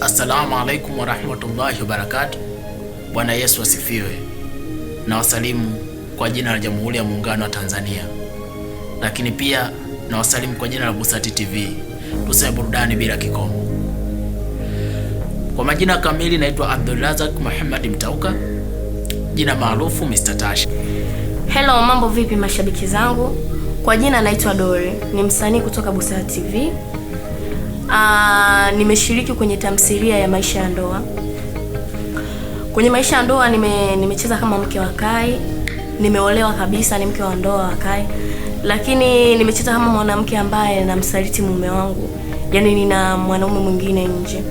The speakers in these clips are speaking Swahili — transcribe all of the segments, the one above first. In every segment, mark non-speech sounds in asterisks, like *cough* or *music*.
Assalamu alaikum warahmatullahi wabarakatu. Bwana Yesu asifiwe na wasalimu kwa jina la Jamhuri ya Muungano wa Tanzania, lakini pia na wasalimu kwa jina la Busati TV. Tuseme burudani bila kikomo. Kwa majina kamili naitwa Abdulrazak Muhammad Mtauka, jina maarufu Mr Tasha. Hello, mambo vipi mashabiki zangu? Kwa jina naitwa Dore, ni msanii kutoka Busati TV. Ah, nimeshiriki kwenye tamthilia ya maisha ya ndoa. Kwenye maisha ya ndoa nime, nimecheza kama mke wa Kai, nimeolewa kabisa, ni mke wa ndoa wa Kai, lakini nimecheza kama mwanamke ambaye namsaliti mume wangu, yaani nina mwanaume mwingine nje.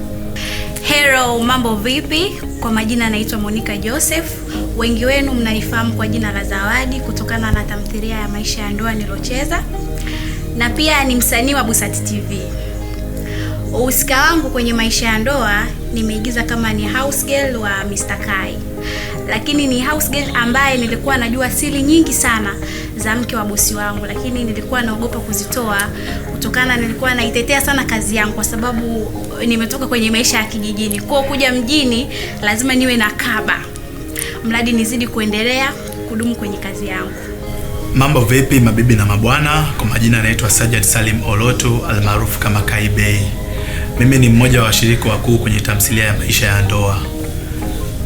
Hello, mambo vipi? Kwa majina naitwa Monica Joseph. Wengi wenu mnanifahamu kwa jina la Zawadi kutokana na tamthilia ya maisha ya ndoa nilocheza, na pia ni msanii wa Busati TV. Uhusika wangu kwenye maisha ya ndoa nimeigiza kama ni house girl wa Mr. Kai, lakini ni house girl ambaye nilikuwa najua siri nyingi sana za mke wa bosi wangu, lakini nilikuwa naogopa kuzitoa kutokana, nilikuwa naitetea sana kazi yangu kwa sababu nimetoka kwenye maisha ya kijijini, kwa kuja mjini lazima niwe na kaba, mradi nizidi kuendelea kudumu kwenye kazi yangu. Mambo vipi mabibi na mabwana, kwa majina anaitwa Sajad Salim Olotu almaarufu kama Kai Bey. Mimi ni mmoja wa washiriki wakuu kwenye tamthilia ya maisha ya ndoa.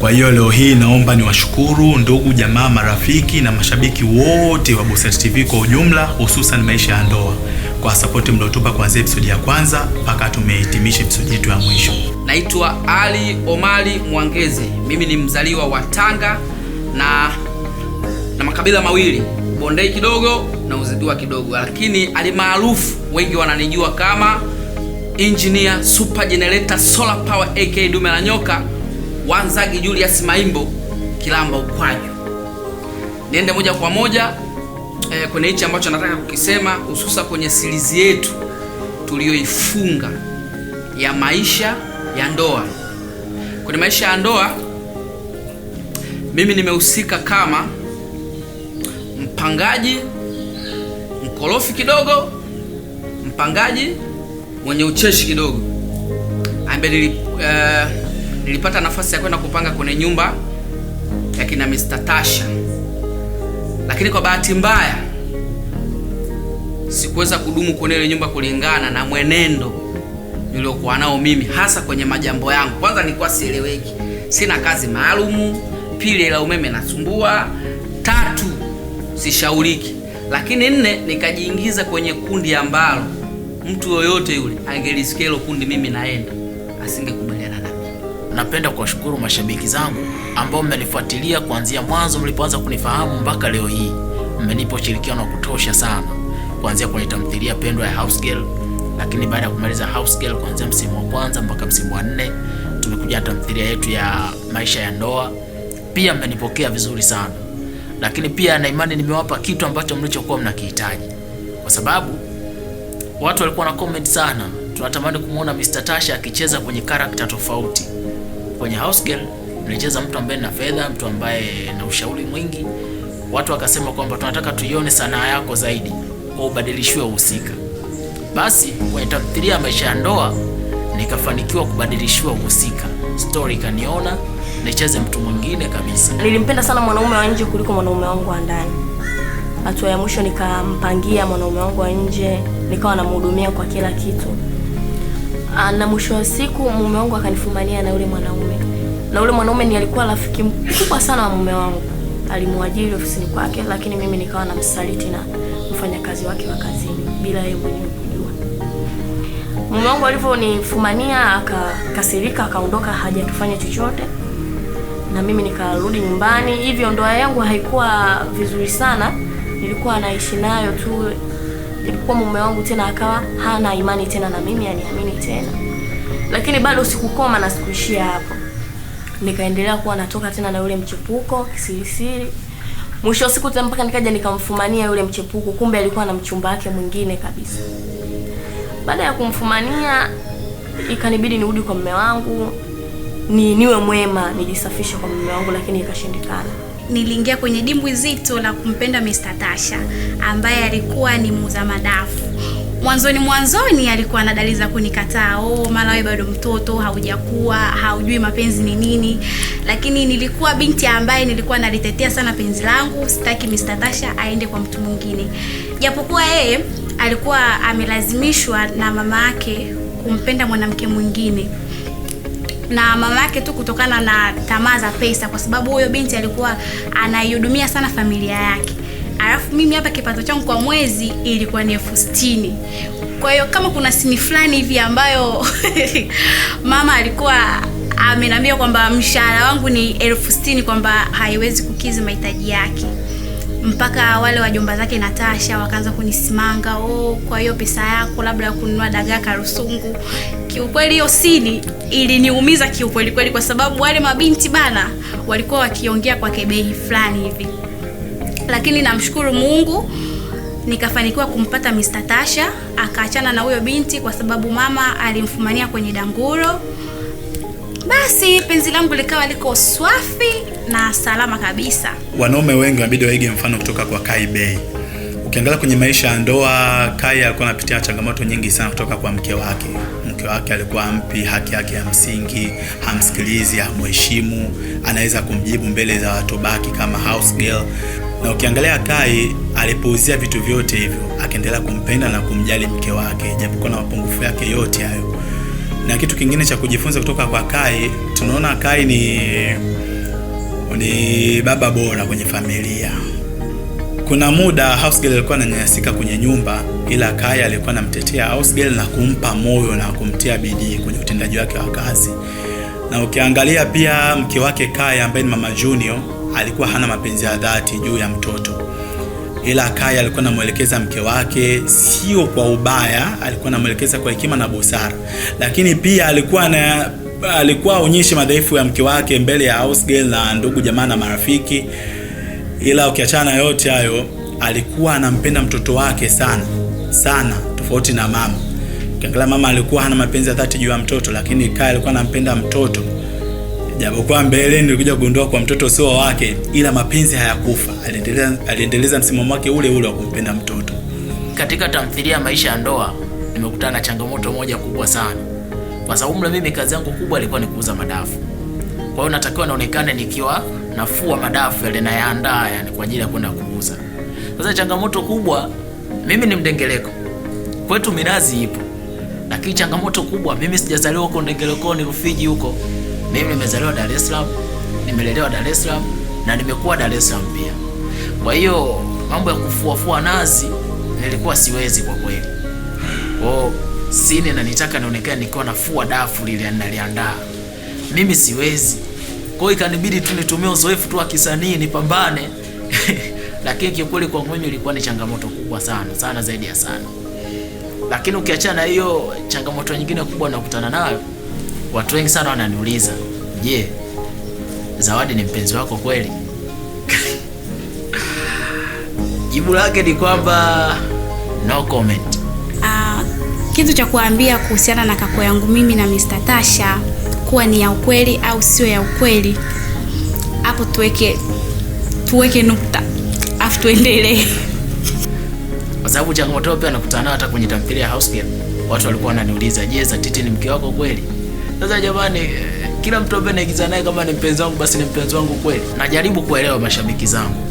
Kwa hiyo leo hii naomba niwashukuru ndugu jamaa, marafiki na mashabiki wote wa Busati TV kwa ujumla, hususan maisha ya ndoa kwa sapoti mliotupa kuanzia episodi ya kwanza mpaka tumehitimisha episodi yetu ya mwisho. Naitwa Ali Omari Mwangezi, mimi ni mzaliwa wa Tanga na na makabila mawili Bondei kidogo na Uzidiwa kidogo, lakini alimaarufu wengi wananijua kama engineer super generator solar power aka dume la nyoka Wanzagi Julius Maimbo Kilamba Ukwaju. Niende moja kwa moja eh, kwenye hichi ambacho nataka kukisema, hususa kwenye silizi yetu tuliyoifunga ya maisha ya ndoa. Kwenye maisha ya ndoa mimi nimehusika kama mpangaji mkorofi kidogo, mpangaji mwenye ucheshi kidogo ambaye nilip, uh, eh, nilipata nafasi ya kwenda kupanga kwenye nyumba ya kina Mr. Tasha, lakini kwa bahati mbaya sikuweza kudumu kwenye ile nyumba kulingana na mwenendo niliokuwa nao mimi, hasa kwenye majambo yangu. Kwanza nilikuwa sieleweki, sina kazi maalumu. Pili, ila umeme nasumbua. Tatu, sishauriki. Lakini nne, nikajiingiza kwenye kundi ambalo mtu yoyote yule angelisikia hilo kundi mimi naenda, asingekubaliana na mimi. Napenda kuwashukuru mashabiki zangu ambao mmenifuatilia kuanzia mwanzo mlipoanza kunifahamu mpaka leo hii. Mmenipa ushirikiano wa kutosha sana, kuanzia kwenye tamthilia pendwa ya House Girl, lakini baada ya kumaliza House Girl, kuanzia msimu wa kwanza mpaka msimu wa nne, tumekuja na tamthilia yetu ya maisha ya ndoa. Pia mmenipokea vizuri sana, lakini pia na imani nimewapa kitu ambacho mlichokuwa mnakihitaji kwa sababu Watu walikuwa na comment sana, tunatamani kumwona Mr. Tasha akicheza kwenye character tofauti. Kwenye House Girl nilicheza mtu ambaye na fedha, mtu ambaye na ushauri mwingi. Watu wakasema kwamba tunataka tuione sanaa yako zaidi, kwa ubadilishiwe uhusika. Basi kwenye tamthilia ya maisha ya ndoa nikafanikiwa kubadilishiwa uhusika, story kaniona nicheze mtu mwingine kabisa. Nilimpenda sana mwanaume wa nje kuliko mwanaume wangu wa ndani. Hatua ya mwisho nikampangia mwanaume wangu wa nje nikawa namhudumia kwa kila kitu, ah, na mwisho wa siku mume wangu akanifumania na yule mwanaume, na yule mwanaume ni alikuwa rafiki mkubwa sana wa mume wangu, alimwajiri ofisini kwake, lakini mimi nikawa namsaliti na mfanyakazi wake wa kazini bila yeye mwenyewe kujua. Mume wangu alivyonifumania akakasirika, akaondoka, hajatufanya chochote na mimi nikarudi nyumbani. Hivyo ndoa yangu haikuwa vizuri sana, nilikuwa naishi nayo tu japokuwa mume wangu tena akawa hana imani tena na mimi, aniamini tena, lakini bado sikukoma na sikuishia hapo. Nikaendelea kuwa natoka tena na yule mchepuko kisirisiri. Mwisho siku tena mpaka nikaja nikamfumania yule mchepuko, kumbe alikuwa na mchumba wake mwingine kabisa. Baada ya kumfumania, ikanibidi nirudi kwa mume wangu ni niwe mwema, nijisafishe kwa mume wangu, lakini ikashindikana niliingia kwenye dimbwi zito la kumpenda Mr. Tasha ambaye alikuwa ni muuza madafu. Mwanzoni mwanzoni alikuwa na dalili za kunikataa, oh, mara wewe bado mtoto, haujakuwa, haujui mapenzi ni nini. Lakini nilikuwa binti ambaye nilikuwa nalitetea sana penzi langu, sitaki Mr. Tasha aende kwa mtu mwingine. Japokuwa yeye alikuwa amelazimishwa na mama yake kumpenda mwanamke mwingine na mama yake tu kutokana na tamaa za pesa, kwa sababu huyo binti alikuwa anaihudumia sana familia yake. Alafu mimi hapa kipato changu kwa mwezi ilikuwa ni elfu sitini. Kwa hiyo kama kuna sini fulani hivi ambayo *laughs* mama alikuwa ameniambia kwamba mshahara wangu ni elfu sitini kwamba haiwezi kukizi mahitaji yake mpaka wale wajomba zake Natasha wakaanza kunisimanga, oh, kwa hiyo pesa yako labda ya kununua dagaa Karusungu. Kiukweli hiyo sini iliniumiza kiukweli kweli, kwa sababu wale mabinti bana walikuwa wakiongea kwa kebehi fulani hivi, lakini namshukuru Mungu nikafanikiwa kumpata Mr. Tasha akaachana na huyo binti, kwa sababu mama alimfumania kwenye danguro basi penzi langu likawa liko swafi na salama kabisa. Wanaume wengi wanabidi waige mfano kutoka kwa Kai Bei. Ukiangalia kwenye maisha ya ndoa, Kai alikuwa anapitia changamoto nyingi sana kutoka kwa mke wake. Mke wake alikuwa mpi haki yake ya msingi, hamsikilizi, hamheshimu, anaweza kumjibu mbele za watu baki kama house girl. Na ukiangalia Kai alipouzia vitu vyote hivyo, akaendelea kumpenda na kumjali mke wake, japokuwa na mapungufu yake yote hayo na kitu kingine cha kujifunza kutoka kwa Kai, tunaona Kai ni ni baba bora kwenye familia. Kuna muda Housegirl alikuwa ananyanyasika kwenye nyumba, ila Kai alikuwa anamtetea Housegirl na kumpa moyo na kumtia bidii kwenye utendaji wake wa kazi. Na ukiangalia pia mke wake Kai ambaye ni mama Junior alikuwa hana mapenzi ya dhati juu ya mtoto ila Akaya alikuwa anamwelekeza mke wake, sio kwa ubaya, alikuwa anamwelekeza kwa hekima na busara, lakini pia alikuwa na alikuwa aonyeshe madhaifu ya mke wake mbele ya house na ndugu jamaa na marafiki. Ila ukiachana yote hayo, alikuwa anampenda mtoto wake sana sana, tofauti na mama. Ukiangalia mama alikuwa hana mapenzi ya dhati juu ya mtoto, lakini Kaya alikuwa anampenda mtoto japokuwa mbele ndio kuja kugundua kwa mtoto sio wake, ila mapenzi hayakufa. Aliendeleza, aliendeleza msimamo wake ule ule wa kumpenda mtoto. Katika tamthilia ya maisha ya ndoa nimekutana na changamoto moja kubwa sana, kwa sababu mle mimi kazi yangu kubwa ilikuwa ni kuuza madafu. Kwa hiyo natakiwa naonekane nikiwa nafua madafu yale nayaandaa, yani kwa ajili ya kwenda kuuza. Sasa changamoto kubwa, mimi ni mdengeleko, kwetu minazi ipo, lakini changamoto kubwa, mimi sijazaliwa huko Ndengelekoni Rufiji huko mimi nimezaliwa Dar es Salaam, nimelelewa Dar es Salaam na nimekuwa Dar es Salaam pia. Kwa hiyo mambo ya kufuafua nazi nilikuwa siwezi kwa kweli. Kwao sini na nitaka nionekane nikiwa nafua dafu lile naliandaa. Mimi siwezi. Kwa hiyo ikanibidi tu nitumie uzoefu tu wa kisanii nipambane. *laughs* Lakini kiukweli kwa mimi ilikuwa ni changamoto kubwa sana, sana zaidi ya sana. Lakini ukiachana hiyo changamoto nyingine kubwa nakutana nayo Watu wengi sana wananiuliza, je, yeah, Zawadi ni mpenzi wako kweli? *laughs* Jibu lake ni kwamba no comment. Uh, kitu cha kuambia kuhusiana na kako yangu mimi na Mr. Tasha kuwa ni ya ukweli au sio ya ukweli, hapo tuweke tuweke nukta afu tuendelee, *laughs* kwa sababu changamoto pia nakutana hata kwenye tamthilia ya House Girl. Watu walikuwa wananiuliza, je, Titi ni mke wako kweli? Sasa jamani, eh, kila mtu ambaye naigiza naye kama ni mpenzi wangu, basi ni mpenzi wangu kweli. Najaribu kuelewa mashabiki zangu,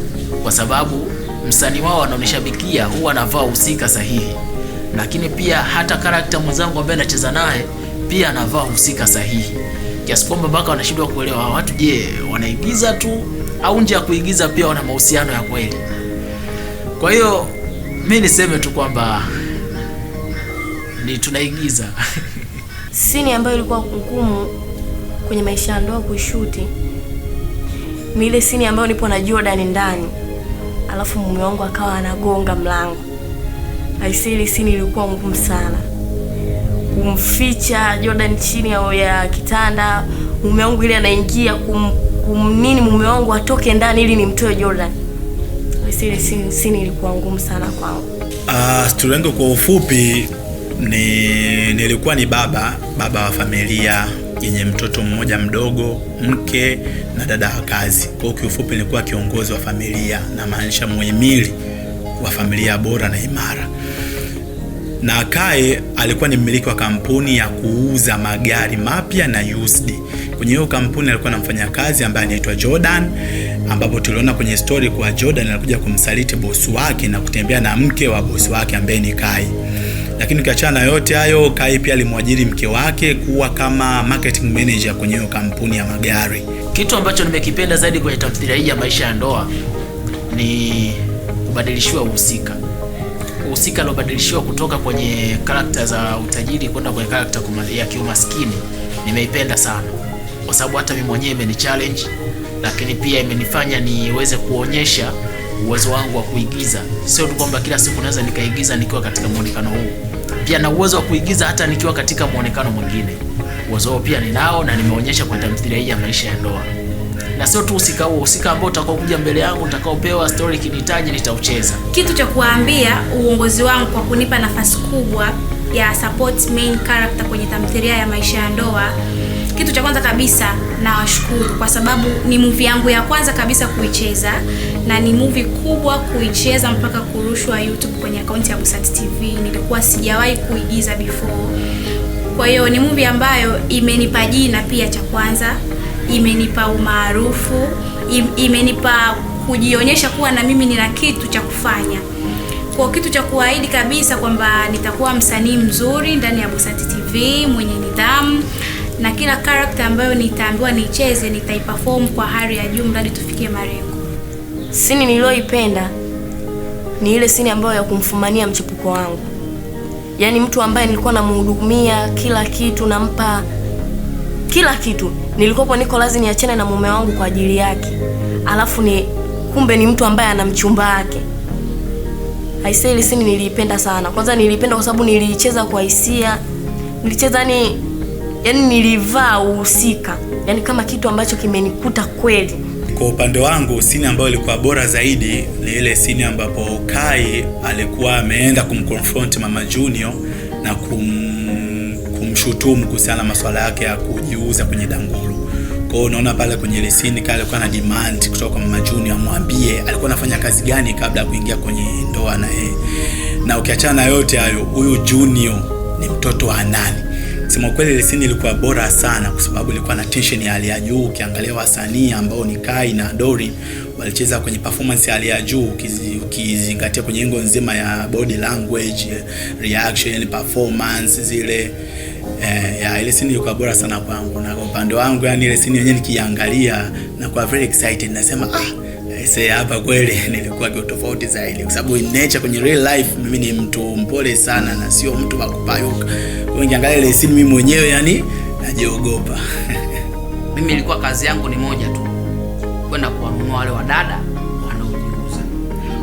kwa sababu msanii wao wanaonishabikia huwa anavaa husika sahihi, lakini pia hata karakta mwenzangu ambaye anacheza naye pia anavaa husika sahihi, kiasi kwamba mpaka wanashindwa kuelewa watu, je, wanaigiza tu au nje ya kuigiza pia wana mahusiano ya kweli? Kwa hiyo mi niseme tu kwamba ni tunaigiza *laughs* Sini ambayo ilikuwa ngumu kwenye maisha ya ndoa kushuti ni ile sini ambayo nipo na Jordan ndani, alafu mume wangu akawa anagonga mlango. Aisee, ile sini ilikuwa ngumu sana, kumficha Jordan chini ya, ya kitanda mume wangu ili anaingia kum, nini mume wangu atoke ndani ili nimtoe Jordan. Aisee, ile sini, sini ilikuwa ngumu sana kwangu. Uh, ah, stori kwa ufupi ni, nilikuwa ni baba baba wa familia yenye mtoto mmoja mdogo, mke na dada wa kazi. Kwa hiyo kiufupi nilikuwa kiongozi wa familia, na maanisha muhimili wa familia bora na imara. Na Kae alikuwa ni mmiliki wa kampuni ya kuuza magari mapya na USD. Kwenye hiyo kampuni alikuwa na mfanyakazi ambaye anaitwa Jordan, ambapo tuliona kwenye story kwa Jordan alikuja kumsaliti bosi wake na kutembea na mke wa bosi wake ambaye ni Kai. Lakini ukiachana yote hayo, Kai pia alimwajiri mke wake kuwa kama marketing manager kwenye hiyo kampuni ya magari. Kitu ambacho nimekipenda zaidi kwenye tamthilia hii ya maisha ya ndoa ni kubadilishiwa uhusika uhusika aliobadilishiwa kutoka kwenye karakta za utajiri kwenda kwenye karakta ya kiumaskini nimeipenda sana, kwa sababu hata mimi mwenyewe imeni challenge, lakini pia imenifanya niweze kuonyesha uwezo wangu wa kuigiza. Sio tu kwamba kila siku naweza nikaigiza nikiwa katika muonekano huu pia na uwezo wa kuigiza hata nikiwa katika mwonekano mwingine. Uwezo huo pia ninao na nimeonyesha kwa tamthilia hii ya maisha ya ndoa, na sio tu usika huo, usika ambao utakao kuja mbele yangu, nitakaopewa stori kinihitaji, nitaucheza. Kitu cha kuwaambia uongozi wangu kwa kunipa nafasi kubwa ya support main character kwenye tamthilia ya maisha ya ndoa kitu cha kwanza kabisa nawashukuru kwa sababu ni movie yangu ya kwanza kabisa kuicheza na ni movie kubwa kuicheza mpaka kurushwa YouTube kwenye akaunti ya Busati TV. Nilikuwa sijawahi kuigiza before, kwa hiyo ni movie ambayo imenipa jina pia, cha kwanza imenipa umaarufu, imenipa kujionyesha kuwa na mimi nina kitu cha kufanya, kwa kitu cha kuahidi kabisa kwamba nitakuwa msanii mzuri ndani ya Busati TV mwenye nidhamu na kila karakta ambayo nitaambiwa nicheze nitaiperform kwa hali ya juu, mradi tufikie malengo. Sini niliyoipenda ni ile sini ambayo ya kumfumania mchepuko wangu, yaani mtu ambaye nilikuwa namhudumia kila kitu, nampa kila kitu, nilikopo niko lazima niachane na mume wangu kwa ajili yake, alafu ni kumbe ni mtu ambaye ana mchumba wake. Aisee, ile sini niliipenda sana. Kwanza niliipenda kwa sababu niliicheza kwa hisia, nilicheza ni yaani, yani nilivaa uhusika, yani kama kitu ambacho kimenikuta kweli. Kwa upande wangu sini ambayo ilikuwa bora zaidi ni ile sini ambapo Kai alikuwa ameenda kumconfront Mama Junior na kum, kumshutumu kuhusiana na masuala yake ya kujiuza kwenye danguru. Kwa hiyo unaona pale kwenye ile sini Kai alikuwa na demand kutoka kwa Mama Junior amwambie alikuwa anafanya kazi gani kabla ya kuingia kwenye ndoa na yeye. Na ukiachana na yote hayo, huyu Junior ni mtoto wa nani? Sema kweli ile scene ilikuwa bora sana kwa sababu ilikuwa na tension ya hali ya juu. Ukiangalia wasanii ambao ni Kai na Dori walicheza kwenye performance ya hali ya juu, ukizingatia kwenye engo nzima ya body language, reaction, performance zile Eh, ya ile scene ilikuwa bora sana kwangu, na kwa upande wangu, yani ile scene yenyewe nikiangalia na kwa very excited nasema ah Aisee, hapa kweli nilikuwa kwa tofauti zaidi, kwa sababu in nature, kwenye real life mimi ni mtu mpole sana na sio mtu wa kupayuka. Wengi angalia ile scene mimi mwenyewe yani najiogopa. *laughs* Mimi ilikuwa kazi yangu ni moja tu, kwenda kuwanunua wale wadada wanaojiuza.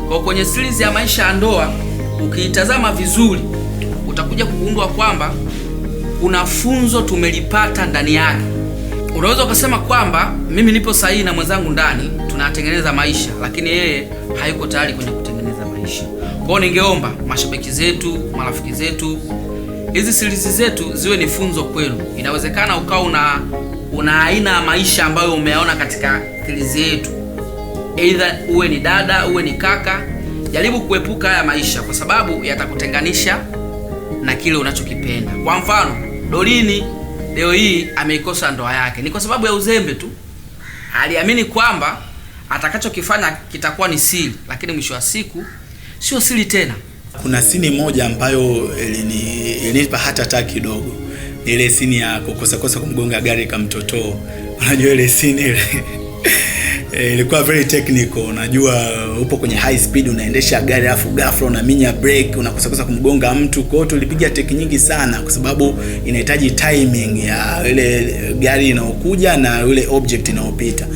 Kwa kwenye series ya maisha ya ndoa, ukiitazama vizuri, utakuja kugundua kwamba kuna funzo tumelipata ndani yake Unaweza ukasema kwamba mimi nipo sahihi na mwenzangu ndani tunatengeneza maisha, lakini yeye hayuko tayari kwenye kutengeneza maisha. Kwao ningeomba mashabiki zetu, marafiki zetu, hizi series zetu ziwe ni funzo kwenu. Inawezekana ukawa una una aina ya maisha ambayo umeyaona katika sirizi yetu, aidha uwe ni dada, uwe ni kaka, jaribu kuepuka haya maisha kwa sababu yatakutenganisha na kile unachokipenda. Kwa mfano, Dolini leo hii ameikosa ndoa yake, ni kwa sababu ya uzembe tu. Aliamini kwamba atakachokifanya kitakuwa ni siri, lakini mwisho wa siku sio siri tena. Kuna sini moja ambayo ilinipa hata taa kidogo, ni ile sini ya kukosakosa kumgonga gari kamtotoo. Unajua ile sini ile E, ilikuwa very technical. Unajua upo kwenye high speed unaendesha gari alafu ghafla unaminya brake unakosakosa kumgonga mtu. Kwa hiyo tulipiga teki nyingi sana, kwa sababu inahitaji timing ya ile gari inayokuja na ile object inayopita.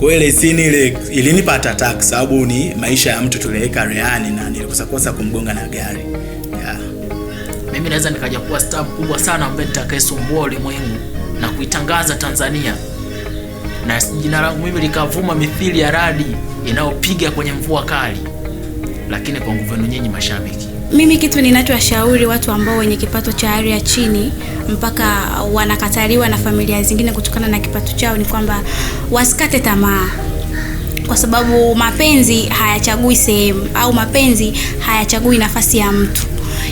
Kwa hiyo ile scene ile ilinipa attack, sababu ni maisha ya mtu tuliweka rehani na nilikosakosa kumgonga na gari yeah. Mimi naweza nikaja kuwa star kubwa sana ambaye nitakayesumbua ulimwengu na kuitangaza Tanzania na jina langu mimi likavuma mithili ya radi inayopiga kwenye mvua kali, lakini kwa nguvu yenu nyinyi mashabiki. Mimi kitu ninachowashauri watu ambao wenye kipato cha hali ya chini mpaka wanakataliwa na familia zingine kutokana na kipato chao ni kwamba wasikate tamaa, kwa sababu mapenzi hayachagui sehemu au mapenzi hayachagui nafasi ya mtu.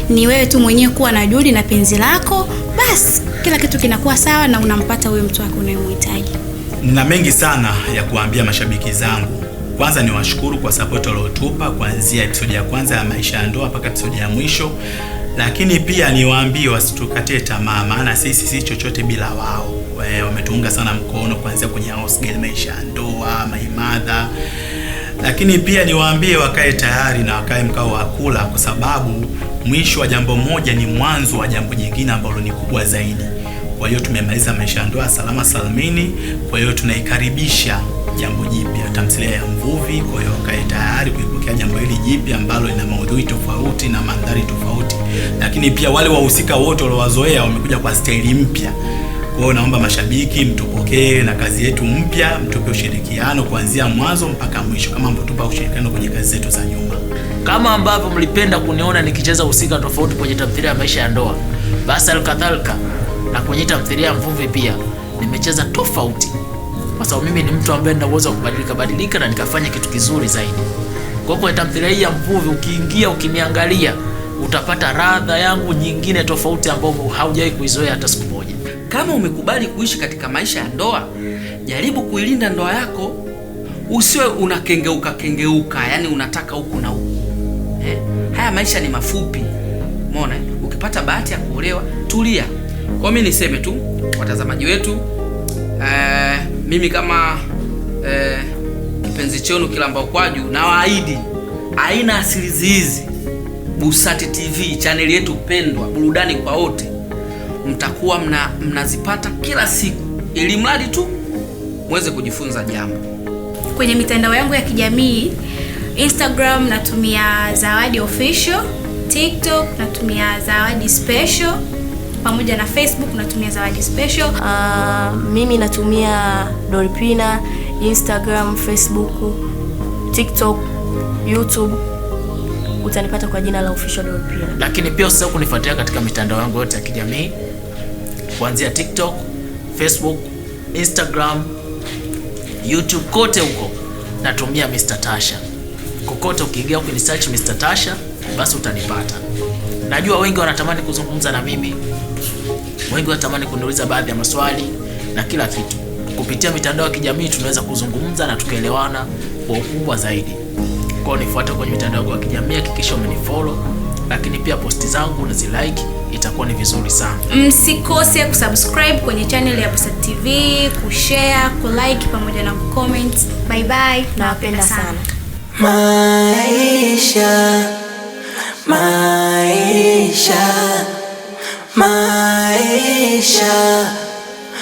Ni wewe tu mwenyewe kuwa na juhudi na penzi lako, basi kila kitu kinakuwa sawa na unampata huyo mtu wako unayemhitaji na mengi sana ya kuambia mashabiki zangu. Kwanza ni washukuru kwa sapoti waliotupa kuanzia episodi ya kwanza ya maisha ya ndoa mpaka episode ya mwisho, lakini pia niwaambie wasitukatie tamaa, maana sisi si chochote bila wao. Eh, wametuunga sana mkono kuanzia kwenye house girl, maisha ya ndoa, maimadha lakini pia niwaambie wakae tayari na wakae mkao wa kula, kwa sababu mwisho wa jambo moja ni mwanzo wa jambo jingine ambalo ni kubwa zaidi. Kwa hiyo tumemaliza maisha ya ndoa salama salmini, Kwa hiyo tunaikaribisha jambo jipya, tamthilia ya Mvuvi. Kwa hiyo kae tayari kuipokea jambo hili jipya ambalo lina maudhui tofauti na mandhari tofauti, lakini pia wale wahusika wote waliowazoea wamekuja kwa staili mpya. Kwa hiyo naomba mashabiki mtupokee na kazi yetu mpya, mtupe ushirikiano kuanzia mwanzo mpaka mwisho, kama mtupa ushirikiano kwenye kazi zetu za nyuma. Kama ambavyo mlipenda kuniona nikicheza husika tofauti kwenye tamthilia ya maisha ya ndoa, basi alkadhalika na kwenye tamthilia ya Mvuvi pia nimecheza tofauti, kwa sababu mimi ni mtu ambaye nina uwezo wa kubadilika badilika na nikafanya kitu kizuri zaidi. Kwa hiyo tamthilia hii ya Mvuvi ukiingia, ukiniangalia utapata radha yangu nyingine tofauti ambayo haujawahi kuizoea hata siku moja. Kama umekubali kuishi katika maisha ya ndoa, jaribu kuilinda ndoa yako, usiwe unakengeuka kengeuka, yani unataka huku na huku eh. Haya maisha ni mafupi, umeona. Ukipata bahati ya kuolewa, tulia kwa mimi niseme tu watazamaji wetu eh, mimi kama eh, kipenzi chenu Kilamba Ukwaju na waahidi aina asilizi hizi Busati TV chaneli yetu pendwa, burudani kwa wote, mtakuwa mna, mnazipata kila siku, ili mradi tu muweze kujifunza jambo. Kwenye mitandao yangu ya kijamii Instagram natumia Zawadi Official, TikTok natumia Zawadi Special pamoja na Facebook natumia Zawadi Special. Uh, mimi natumia Doripina, Instagram, Facebook, TikTok, YouTube utanipata kwa jina la official Doripina. Lakini pia usisahau kunifuatilia katika mitandao yangu yote ya kijamii kuanzia TikTok, Facebook, Instagram, YouTube kote huko natumia Mr Tasha. Kokote ukiingia ukinisearch Mr Tasha basi utanipata. Najua wengi wanatamani kuzungumza na mimi, wengi wanatamani kuniuliza baadhi ya maswali na kila kitu. Kupitia mitandao ya kijamii tunaweza kuzungumza na tukaelewana kwa ukubwa zaidi. Kwa hiyo nifuate kwenye mitandao ya kijamii, hakikisha umenifollow, lakini pia posti zangu zilike itakuwa ni vizuri sana. Msikose kusubscribe kwenye channel ya Busara TV, kushare, kulike pamoja na kucomment. Bye bye, nawapenda sana. Maisha maisha maisha